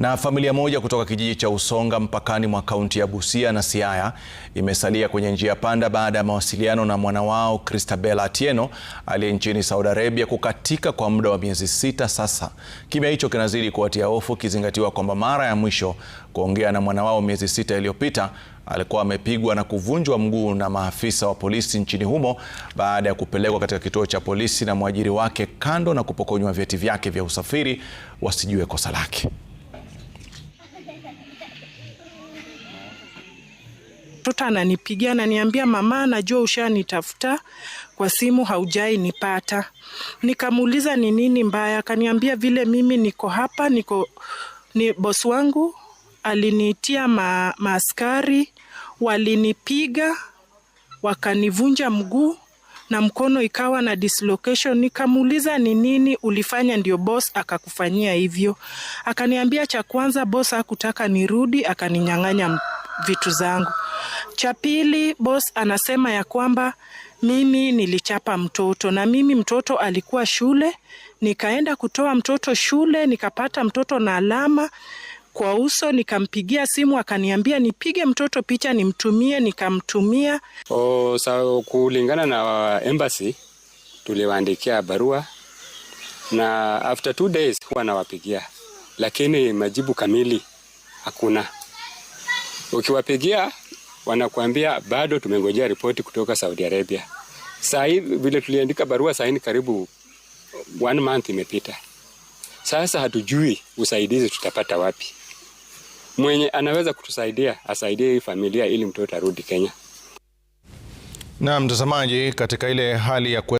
Na familia moja kutoka kijiji cha Usonga mpakani mwa kaunti ya Busia na Siaya imesalia kwenye njia panda baada ya mawasiliano na mwana wao Christabel Atieno aliye nchini Saudi Arabia kukatika kwa muda wa miezi sita sasa. Kimya hicho kinazidi kuwatia hofu ikizingatiwa kwamba mara ya mwisho kuongea na mwana wao miezi sita iliyopita alikuwa amepigwa na kuvunjwa mguu na maafisa wa polisi nchini humo baada ya kupelekwa katika kituo cha polisi na mwajiri wake, kando na kupokonywa vyeti vyake vya usafiri wasijue kosa lake. mtoto ananipigia ananiambia, mama, najua ushanitafuta kwa simu haujai nipata. Nikamuuliza ni nini mbaya, akaniambia vile mimi niko hapa, niko ni bosi wangu aliniitia ma, maaskari walinipiga wakanivunja mguu na mkono ikawa na dislocation. Nikamuuliza ni nini ulifanya ndio boss akakufanyia hivyo? Akaniambia cha kwanza boss hakutaka nirudi, akaninyang'anya vitu zangu. Cha pili, boss anasema ya kwamba mimi nilichapa mtoto na mimi mtoto alikuwa shule, nikaenda kutoa mtoto shule, nikapata mtoto na alama kwa uso, nikampigia simu akaniambia nipige mtoto picha nimtumie, nikamtumia. Oh, so kulingana na embassy tuliwaandikia barua na after two days huwa nawapigia, lakini majibu kamili hakuna. Ukiwapigia wanakuambia bado tumengojea ripoti kutoka Saudi Arabia. Saa hii vile tuliandika barua, sahini karibu one month imepita. Sasa hatujui usaidizi tutapata wapi. Mwenye anaweza kutusaidia asaidie hii familia ili mtoto arudi Kenya. Na mtazamaji, katika ile hali ya kwe...